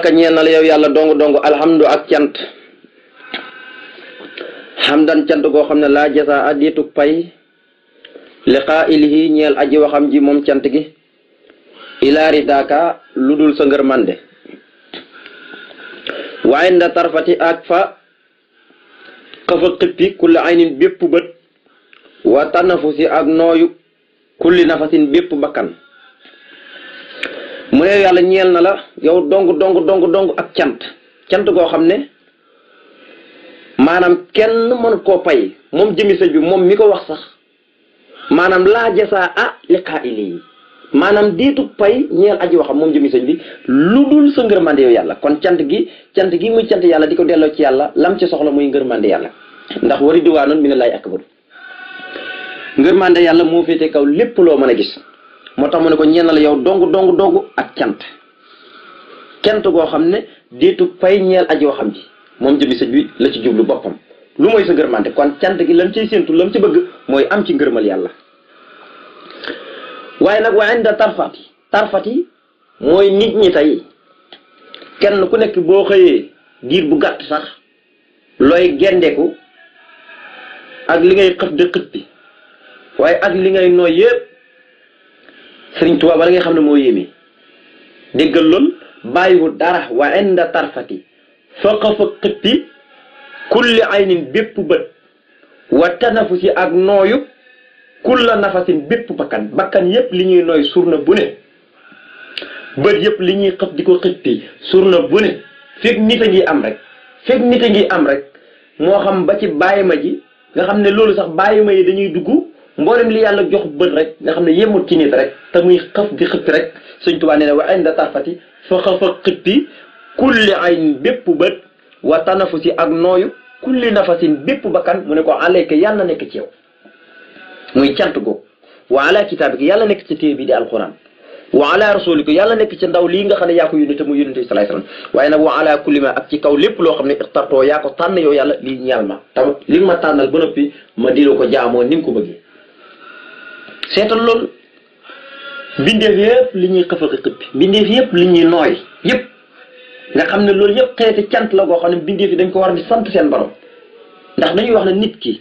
ka ñeel na la yàlla dong dong alhamdu ak cant xamdan cant goo xam ne laa jasa adiitu pay liqaa ilihi ñeel aji waxam ji moom cant gi ilaari daaka lu dul sa ngër mande waaye nda tarfati ak fa xëfa xippi kulli aynin bépp bët wa tanafusi ak nooyu kulli nafasin bépp bakkan mu ne yàlla ñeel na la yow dong dong dong dong ak cant cant goo xam ne maanaam kenn mën koo pay moom jëmi sëñ bi moom mi ko wax sax maanaam laa jasaa ah liqaa ili maanaam diitu pay ñeel aji waxam moom jëmi sëñ bi lu dul sa ngërmande yow yàlla kon cant gi cant gi muy cant yàlla di ko delloo ci yàlla lam ci soxla muy ngër ngërmande yàlla ndax wari diwaanoon mi ne laay akbaru ngërmande yàlla moo féete kaw lépp loo mën a gis moo tax mu ne ko ñeena la yow dong dong dong ak cant kent koo xam ne diitu fay ñeel aji waxam ji moom jëmi sëñ bi la ci jublu boppam lu mooy sa ngërmante kon cant gi lam ciy séentu lam ci bëgg mooy am ci ngërmal yàlla waaye nag waaye inda tarfat yi mooy nit ñi tey kenn ku nekk boo xëyee diir bu gàtt sax looy gendeku ak li ngay xëf de bi waaye ak li ngay nooy yépp sëriñ Tuubaa wala nga xam ne moo yéeme déggal lool bàyyiwul dara wa inda tarfati soqafa xëtti kulli aynin bépp bët wa tanafusi ak nooyu kulla nafasin bépp bakkan bakkan yépp li ñuy nooy surna bu ne bët yépp li ñuy xëf di ko xëtti surna bu ne fekk nit a ngi am rek fekk nit a ngi am rek moo xam ba ci bàyyi ma ji nga xam ne loolu sax bàyyi ma yi dañuy dugg mboolem li yàlla jox bët rek nga xam ne yemul ci nit rek te muy xëf di xëppi rek sëñ Tuubaa nee na wa inda tarfati fa xafa xëppi kulli ayn bépp bët wa tanafusi ak nooyu kulli nafasin bépp bakkan mu ne ko alayka yàlla nekk ci yow muy cant googu wa ala kitaabika yàlla nekk ci téere bi di alquran wa ala rasulika yàlla nekk ci ndaw li nga xam ne yaa ko yónni te mu yónni te salaay waaye nag wa ala kulli ma ak ci kaw lépp loo xam ne ixtartoo yaa ko tànn yow yàlla lii ñeel ma tamit li ma tànnal ba noppi ma di ko jaamoo ni nga ko bëggee seetal loolu bindeef yëpp li ñuy xëf ak xëpp bindeef yëpp li ñuy nooy yëpp nga xam ne loolu yëpp xeeti cant la goo xam ne bindeef yi dañ ko war di sant seen borom ndax dañuy wax na nit ki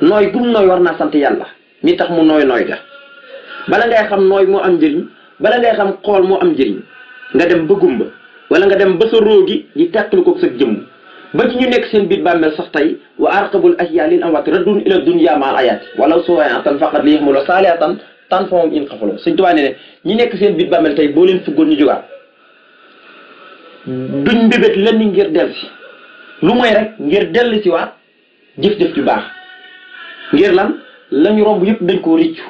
nooy gum nooy war naa sant yàlla mi tax mu nooy nooy ga bala ngay xam nooy moo am njëriñ bala ngay xam xool moo am njëriñ nga dem ba gumba wala nga dem ba sa róogi di teqlu ko sa jëmm bët ci ñu nekk seen biir bàmmeel sax tey wa arqabul ahyaa lil amwaat raddun ila dunya maal ayaati walaw suwaatan faqat li yaxmulu saalihatan tan fa moom in xafaloo Sëñ Tuubaa ne ne ñi nekk seen biir bàmmeel tey boo leen fuggoon ñu jógaat duñ mbébét lenn ngir dellu si lu mooy rek ngir dell si waat jëf-jëf ju baax ngir lan lañu romb yëpp dañ koo riccu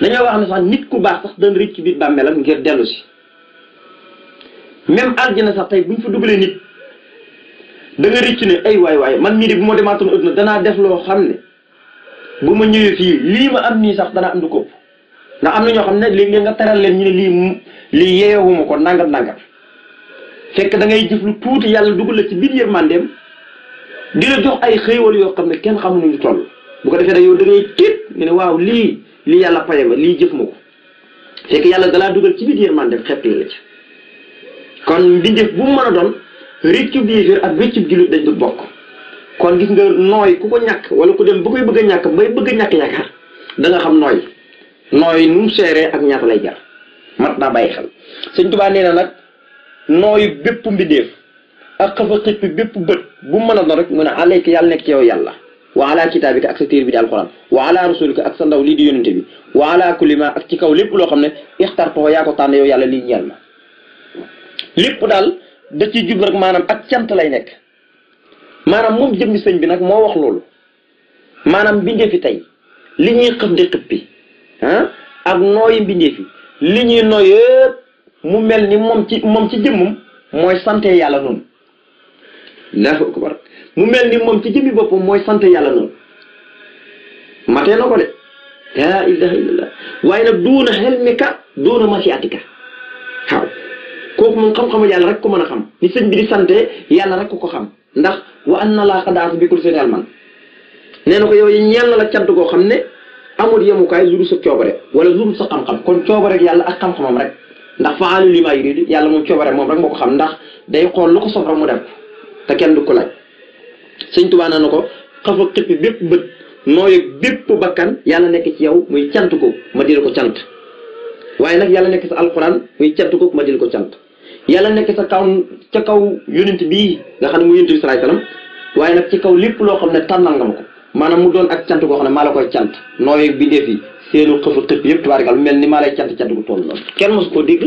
dañoo wax ne sax nit ku baax sax dana riccu biir bàmmeelam ngir dellu si même aljana sax buñ fa da nga rëcc ne ay waay waay man mii de bu ma demaatoon adduna danaa def loo xam ne bu ma ñëwee fii lii ma am nii sax danaa am na ko ndax am na ñoo xam ne léeg-léeg nga teral leen ñu ne lii lii yeewuma ko nangam nangam fekk da ngay jëf lu tuuti yàlla dugal la ci biir yërmandeem di la jox ay xëywal yoo xam ne kenn xamuñu ñu toll bu ko defee da yow da ngay tiit ne waaw lii lii yàlla paye ma lii jëf ma ko yàlla dalaa dugal ci biir yërmandeem xepp la ci kon mbindeef bu man a doon réccub yéeféer ak bi jullit dañ du bokk kon gis nga nooy ku ko ñàkk wala ku dem ba koy bëgg a ñàkk bay bëgg a ñàkk danga da nga xam nooy nooy nu mu seeree ak ñaata lay jar mat naa bàyyi xel sëñ Tuubaa nee na nag nooyu bépp mbindéef ak xafa xëj bi bépp bët bu mën a doon rek mu a alayka yàlla nekk ci yow yàlla wa ala kitaabika ak sa téer bi di alxuraan wa ala rasulika ak sa ndaw lii di yónnente bi wa ala kulima ak ci kaw lépp loo xam ne ixtartoo yaa ko tànn yow yàlla lii ñeel ma lépp daal da ciy jublu rek maanaam ak cant lay nekk maanaam moom jëmmi sëñ bi nag moo wax loolu maanaam mbindeef yi tey li ñuy xëf di xëppi ah ak nooyi mbindeef yi li ñuy nooy yëpp mu mel ni moom ci moom ci jëmmum mooy sante yàlla noonu Allahu akbar mu mel ni moom ci jëmmi boppam mooy sante yàlla noonu matee na ko de laa ilaha illallah waaye nag duuna xel mi ka duuna masiatika kooku moom xam-xamu yàlla rek ko mën a xam ni sëñ bi di sante yàlla rek ko ko xam ndax wa am na laa xadaatu bi kul seen alman nee na ko yow ñeel na la cant koo xam ne amul yemukaay lu dul sa coobare wala lu dul sa xam-xam kon coobare yàlla ak xam-xamam rek ndax faalu li maa yuridu yàlla moom coobare moom rek moo ko xam ndax day xool lu ko soxla mu def te kenn du ko laaj sëñ Tuubaa nee na ko xafa xippi bépp bët nooyu bépp bakkan yàlla nekk ci yow muy cant ko ma dil ko cant waaye nag yàlla nekk sa muy cant ko ma dil ko cant yàlla nekk sa kaw ca kaw yonent bii nga xam ne mu yonent bi salaay salaam waaye nag ci kaw lépp loo xam ne tànnal nga ma ko maanaam mu doon ak cant goo xam ne maa la koy cant nooy bi bindeef yi seenu xëfa xëf yëpp tubaarikal mel ni maa lay cant cant gu toll loolu kenn mos koo dégg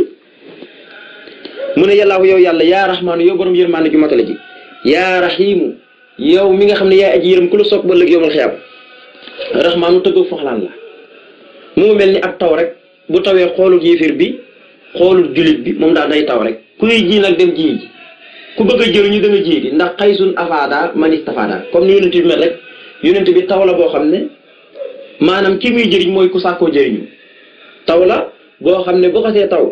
mu ne yàllaahu yow yàlla yaa rahmaanu yow borom yërmaane ju matale ji yaa rahimu yow mi nga xam ne yaay aji yërëm ku la soog ba ëllëg yomal xeew rahmaanu tëgg foxlaan la mu mel ni ab taw rek bu tawee xoolul yéefir bi xoolul julit bi moom daal day taw rek kuy ji nag dem ji ku bëgg a jëriñu da nga ji di ndax xaysun afaada man istafaada comme ni yonent bi mel rek yonent bi taw la boo xam ne maanaam kii muy jëriñ mooy ku saakoo jëriñu taw la boo xam ne bu xasee taw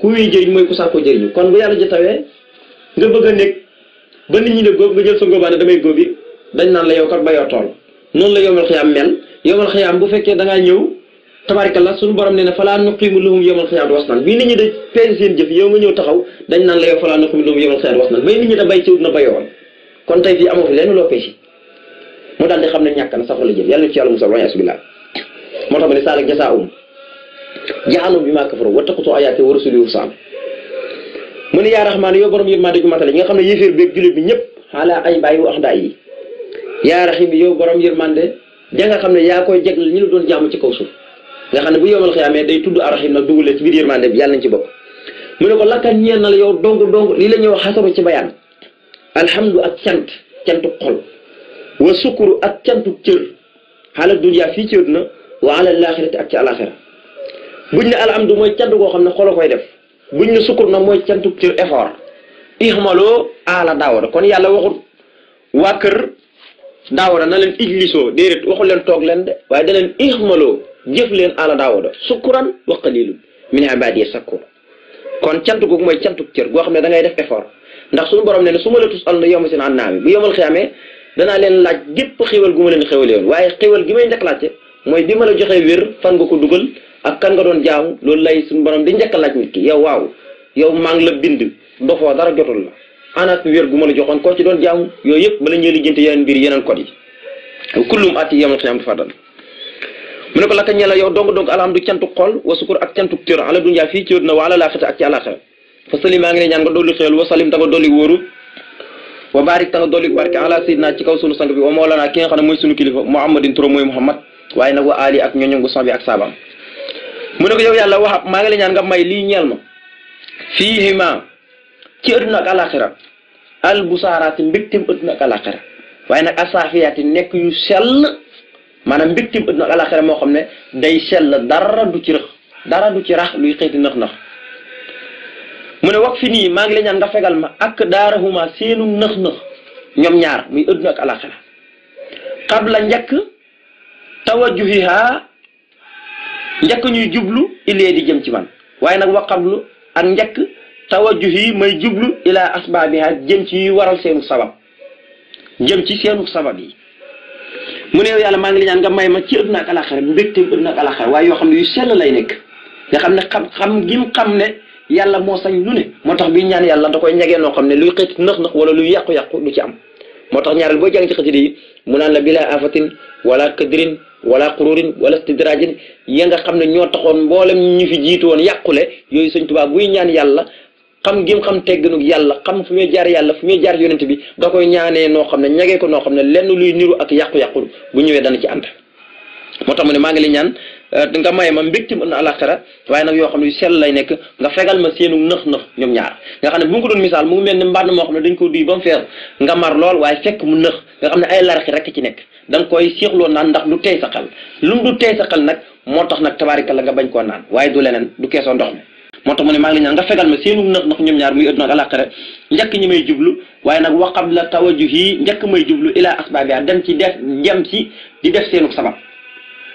ku muy jëriñ mooy ku sàkkoo jëriñu kon bu yàlla ji tawee nga bëgg a nekk ba nit ñi ne góob nga jël sa góobaane damay góob yi dañ naan la yow kat ba yoo tool noon la yomal xiyaam mel yomal xiyaam bu fekkee dangaa ñëw. tabarakallah suñu borom nee na falaa nuqiimu lahum yawmal qiyaamati wasnan bii nit ñi dañ peese seen jëf yow nga ñëw taxaw dañ naan la yow falaa nuqiimu lahum yawmal qiyaamati wasnan may nit ñi da bay ciwut na bayoon kon tey fii amoo fi lenn loo peese mu daal di xam ne ñàkk na safara la jëf yàlla ci yàlla musal wañu moo tax ma ne saalak jasaa'um jahannam bi maa kafaru wa taqatu ayaati wa rusuli rusaan mu ne yaa raxmaan yow borom yërmande ju matale yi nga xam ne yéeféer beeg jullit bi ñëpp xaalaa ay bàyyi wax daa yi yaa raxiim yow borom yërmande ja nga xam ne yaa koy jeglal ñu la doon jaamu ci kaw suuf nga xam ne bu yowmal xiyaamee day tudd arrahim nag dugalee ci biir yërmande bi yàlla nañ ci bokk mu ne ko lakka ñeel na yow dong dong lii la ñuy wax xasaru ci bayaan alhamdu ak cant cantu xol wa sukuru ak cantu cër xaala duniyaa fii ci àddina wa ala laaxirati ak ci alaxira buñ ne alhamdu mooy cant xam ne xol koy def buñ ne nag mooy cantu cër effort ixmaloo aala daawara kon yàlla waxut waa kër na leen ijlisoo déedéet leen toog leen de waaye da leen jëf leen ala daawuda sukkuran wa qalilun min sa sakkur kon cant googu mooy cantuk cër goo xam ne da ngay def effort ndax su borom ne ne su ma la tus al na yoma seen an naami bu yomal xiyaamee laaj gépp xéwal gu ma leen xéwale woon waaye xéwal gi may njëkk mooy bi ma la joxee wér fan nga ko dugal ak kan nga doon jaamu loolu lay suñu borom di njëkk laaj nit ki yow waaw yow maa ngi la bind dofoo dara jotul la anaat wér gu ma la joxoon koo ci doon jaamu yooyu yëpp bala ñuy lijjanti yeneen mbir yeneen code yi kullum ati yomal xiyaam du fadal mu ne ko lakka ñela yow dong dong alhamdu cantuk xol wa sukur ak cantuk cër ala dunyaa fii ci àddina wa ala laaxira ak ci àllaaxira fa salim maa ngi ne ñaan nga dolli xéewal wa salim ta nga dolli wóoru wa barik waaye nag wa ali la ñaan nga may lii ñeel nekk yu sell maanaam mbégtim àdduna alaxira moo xam ne day sell dara du ci rëx dara du ci rax luy xeeti nax nax mu ne wax fi nii maa ngi la ñaan nga fegal ma ak daarahuma seenu nax nax ñoom ñaar muy àdduna ak alaxira qabla njëkk tawajjuhiha ñuy jublu ilee di jëm ci man waaye nag wa qablu ak njëkk tawajjuhi may jublu ilaa asbaabiha jëm ci yuy waral seenu sabab jëm ci seenu sabab yi mu ne yow yàlla maa ngi la ñaan nga may ma ci àdduna ak alaxira mbégte àdduna ak alaxira waaye yoo xam ne yu sell lay nekk nga xam ne xam xam gim xam ne yàlla moo sañ lu ne moo tax bi ñaan yàlla da koy ñegee noo xam ne luy xëcc nax nax wala luy yàqu-yàqu du ci am moo tax ñaareel boo jàng ci xasida yi mu naan la bila afatin wala kadrin wala xururin wala stidrajin ya nga xam ne ñoo taxoon mboolem ñu fi jiitu woon yàqule yooyu sëñ Tuubaa buy ñaan yàlla xam gim xam nu yàlla xam fu muy jaar yàlla fu muy jaar yonent bi da koy ñaanee noo xam ne ñagee ko noo xam ne lenn luy niru ak yàqu-yàqul bu ñëwee dana ci ànd moo tax mu ne maa ngi li ñaan euh, nga may ma mbégti mu na alaxira waaye nag yoo xam ne yu lay nekk nga fegal ma seenu nëx nëx ñoom ñaar nga xam ne bu ko doon misaal mu mel ni mbànn moo dañ ko duy ba mu fees mar lool waaye fekk mu nëx nga xam ne ay larxi rek ci nekk da koy séexloo naan ndax du tey sa xel lu mu du tey nag moo tax nag tabaarikal la nga bañ koo naan waaye du leneen du keesoo ndox mi moo tax mu ne maa ngi ñaan nga fegal ma seenu nat ndax ñoom ñaar muy adduna ak alaxira njëkk ñi may jublu waaye nag wa qabla tawajjuhi njëkk may jublu ila asbaabiha dem ci def dem ci di def seenu sabab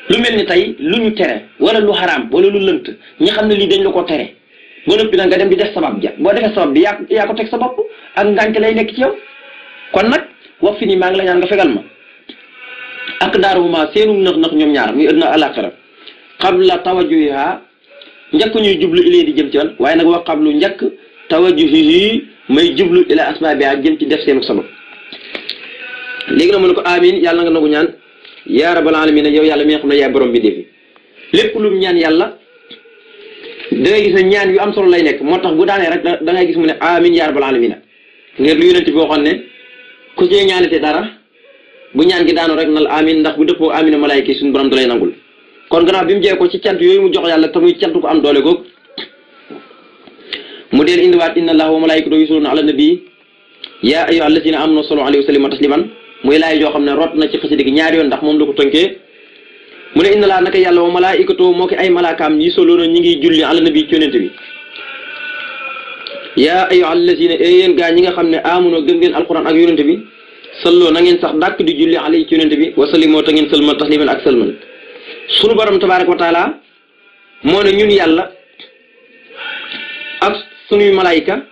lu mel ni tey lu ñu tere wala lu xaraam wala lu lënt ñi xam ne lii dañ la ko tere ba noppi nag nga dem di def sabab ja boo defee sabab bi yaa yaa teg sa bopp ak nekk ci yow kon nag wax nii maa ngi la ñaan nga fegal ma daaru ma seenu nax ñoom ñaar muy adduna ak alaxira qabla tawajjuhiha ko ñuy jublu ilay di jëm ci man waaye nag xam lu wa qablu njëkk tawajjuhi may jublu ila asbaabi ak jëm ci def seen sabab léegi nag mu ne ko amin yàlla nga nangu ñaan yaa rabbal alamin yow yàlla mi nga xam ne bi defi lépp lu ñaan yàlla da ngay gis ne ñaan yu am solo lay nekk moo tax bu daanee rek da ngay gis mu ne amin yaa rabbal alamin ngir lu yonent bi waxoon ne ku ci ñaanite dara bu ñaan gi daanoo rek nal amin ndax bu dëppoo amin malaayka yi suñu borom da lay nangul kon gannaaw bi mu jee ko ci cant yooyu mu jox yàlla te muy cant ko am doole googu mu deel indiwaat inna allaha wa malaikatahu yusalluna ala nabi yaa ayyuha allazina amanu sallu alayhi wa sallimu tasliman muy laay joo xam ne rot na ci gi ñaari yoon ndax moom la ko tënkee mu ne inna yàlla wa malaikatahu moo ko ay malaakaam yi soloona ñi ngi julli ala nabi ci yonente bi yaa ayyuha allazina e yéen gaa ñi nga xam ne amunoo gëm ngeen alquran ak yonente bi salloo na ngeen sax dàkk di julli alayhi ci yonente bi wa sallimoo ta ngeen salman tasliman ak salman sunu borom tabaaraka wa taala moo ne ñun yàlla ak sunuy malaayika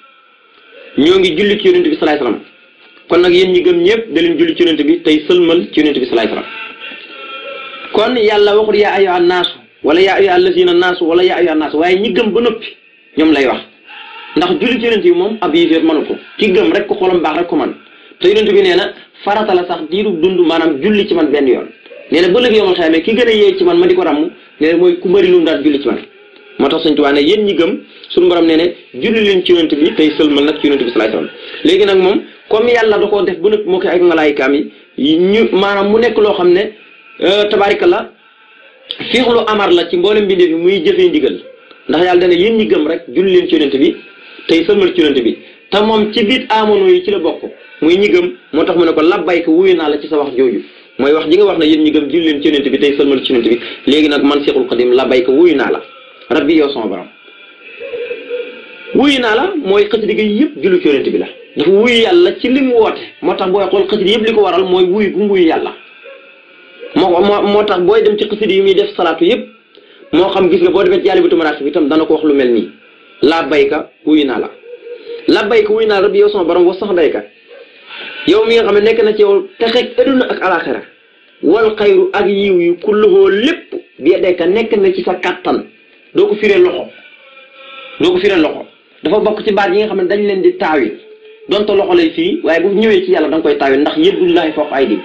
ñoo ngi julli ci yonent bi salaay salaam kon nag yéen ñi gëm ñëpp da leen julli ci yonent bi tey sëlmal ci yonent bi salaay salaam kon yàlla waxul yaa ayyuhan naasu wala yaa ayyuhal lazina naasu wala yaa waaye ñi gëm ba noppi ñoom lay wax ndax julli ci yonent bi moom ab yéeféer mënu ko ki gëm rek ko xolam baax rek ko man te yonent bi nee na farata la sax diiru dund maanaam julli ci man benn yoon nee na ba léegi yomal xayamee ki gën a yee ci man ma di ko ràmm nee mooy ku bëri lu mu daan julli ci man moo tax Sëñ ne yéen ñi gëm suñu borom nee ne julli leen ci yonent bi tey sëlmal nag ci yonent bi salaay nag moom comme yàlla da koo def bu nekk moo koy ak malaayikaam yi ñu maanaam mu nekk loo xam ne euh, tabaarika la fiixlu amar la ci mboolem mbindeef bi muy jëfee ndigal ndax yàlla dana yéen ñi gëm rek julli leen ci yonent bi tey sëlmal ci yonent bi te moom ci biit amoon yi ci la bokk muy ñi gëm moo tax mu ne ko labbayka wuyu naa la ci sa wax jooju mooy wax ji nga wax ne yéen ñi gëm julli leen ci yonent bi tey sëlmal ci yonent bi léegi nag man Seexul Xadim la bay ko wuyu naa la rabbi yow sama borom wuyu naa la mooy xasida gi yëpp julli ci yonent bi la dafa wuyu yàlla ci li mu woote moo tax booy xool xasida yëpp li ko waral mooy wuyu gu wuyu yàlla moo moo moo tax booy dem ci xasida yi muy def salaatu yëpp moo xam gis nga boo defee jàlli bi tumaraat bi itam dana ko wax lu mel nii la bayka wuyu naa la la bayka wuyu naa la rabbi yow sama borom wa sax dayka yow mi nga xam ne nekk na ci yow texeeg na ak alaxira wal xayru ak yiw yu kulluhoo lépp bi yadayka nekk na ci sa kàttan doo ko firee loxo doo ko firee loxo dafa bokk ci baat yi nga xam ne dañ leen di taawi donte loxo lay fii waaye bu ñëwee ci yàlla da nga koy taawi ndax yëddullaahi foofu ay dim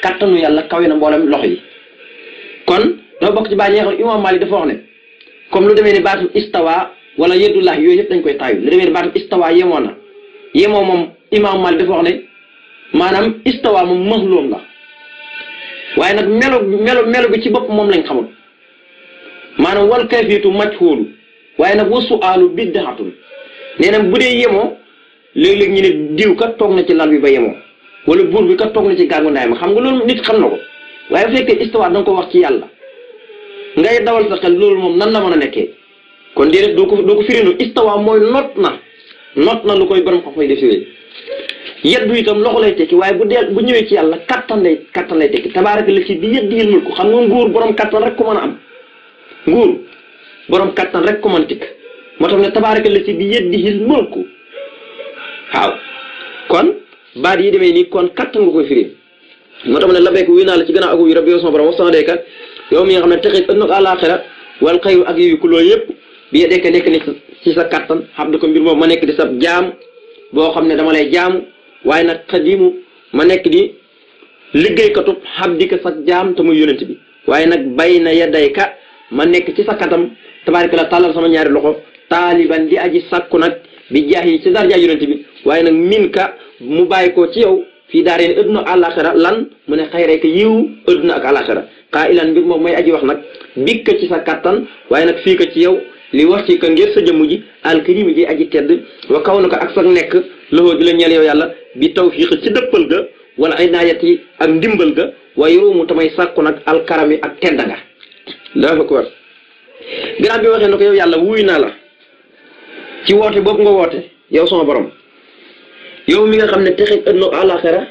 kàttanu yàlla kawe na mboolem loxo yi kon dafa bokk ci baat yi nga xam ne imaam Maalik dafa ne comme lu demee ni baatu istawa wala yëddullaahi yooyu yëpp dañ koy taawi lu demee ni baatu istawa yemoo na yemoo moom imaam Maalik dafa wax maanaam istawa moom mahloom la waaye nag melo melo melo bi ci bopp moom lañ xamul maanaam wal kayfiyatu majhuulu waaye nag wa su'aalu bid'atun nee na bu dee yemoo léeg-léeg ñu ne diw kat toog na ci lal bi ba yemoo wala buur bi kat toog na ci gàngu ndaay ma xam nga loolu nit xam na ko waaye bu fekkee istawa da ko wax ci yàlla ngay dawal sa xel loolu moom nan la mën a nekkee kon déedéet doo ko doo ko firindoo istawa mooy not na not na lu koy borom xam koy def yeddu itam loxo lay tekki waaye bu dee bu ñëwee ci yàlla kattan lay kattan lay tekki tabaaraka la ci bi yeddi yil mulku xam nga nguur borom kattan rek ko mën a am nguur borom kattan rek ko mën tikk moo la bi yeddi yil mulku waaw kon baat yi demee nii kon kattan nga koy firi moo tax ne la béyk naa la ci gannaaw ak wuyu rabbi yow sama borom wax sama deykat yow mi nga xam ne texit ënnako àlaxira wal xëyu ak yoyu ku loolu yëpp bi dekk nekk ni ci sa kattan xam da ko mbir moom ma nekk di sa jaam boo xam ne dama lay jaamu waaye nag xadimu ma nekk di liggéeykatub xabdika sa jaam te muy bi waaye nag bay na yadayka ma nekk ci sa katam tabaaraka la tàllal sama ñaari loxo taaliban di aji sàkku nag bi jaax yi ci darja yonent bi waaye nag min ka mu bàyyi ko ci yow fii daareen adduna ak àlaxira lan mu ne xayree ka yiw na ak àlaxira xaa ilan mbir moom mooy aji wax nag bik ci sa kattan waaye nag fii ka ci yow li wax ci que ngir sa jëmm ji alkarimi ji aji tedd wa kaw na ko ak sa nekk loxoo di la ñeel yow yàlla bi tawfiq ci dëppal ga wala inaayat yi ak ndimbal ga waaye ruumu tamay sàkku nag alkarami ak tedd nga Allahu ko yow yàlla wuy naa la ci woote boobu nga woote yow sama borom yow mi nga xam ne texeg ëdna àlaxira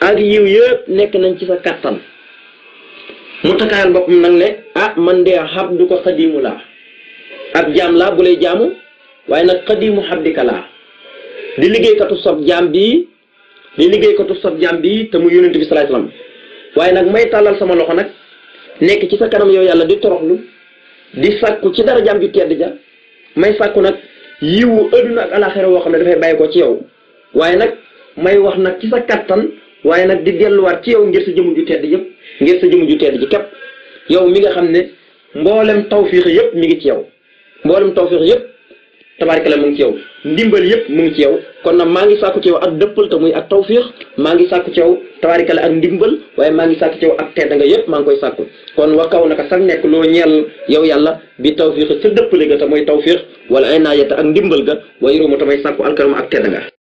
ak yiw yëpp nekk nañ ci sa kattan mu takaayal boppam nag ne ah man de xab du ko xadimu laa ab jaam laa bu lay jaamu waaye nag mu xabdika laa di liggéeykatu sob jaam bii di liggéeykatu sob jaam bii te mu yonent bi sa salaam waaye nag may tàllal sama loxo nag nekk ci sa kanam yow yàlla di toroxlu di sàkku ci dara jaam ju tedd ja may sàkku nag yiwu adduna ak alaxira woo xam ne dafay bàyyi ko ci yow waaye nag may wax nag ci sa kattan waaye nag di delluwaat ci yow ngir sa jëmu ju tedd yëpp ngir sa jëmu ju tedd ji képp yow mi nga xam ne mboolem tawfiix yëpp mi ngi ci yow mboolem tawfiix yëpp tabaarikala mu ngi ci yow ndimbal yëpp mu ngi ci yow kon na maa ngi sàkku ci yow ak dëppal te muy ak tawfiix maa ngi sàkku ci yow tabaarikala ak ndimbal waaye maa ngi sàkku ci yow ak tedd nga yëpp maa ngi koy sàkku kon wa kaw naka sax nekk loo ñeel yow yàlla bi tawfiix sa dëppale ga te mooy tawfiix wala ay naajata ak ndimbal ga waaye yorooma te may sàkku alkarama ak tedd nga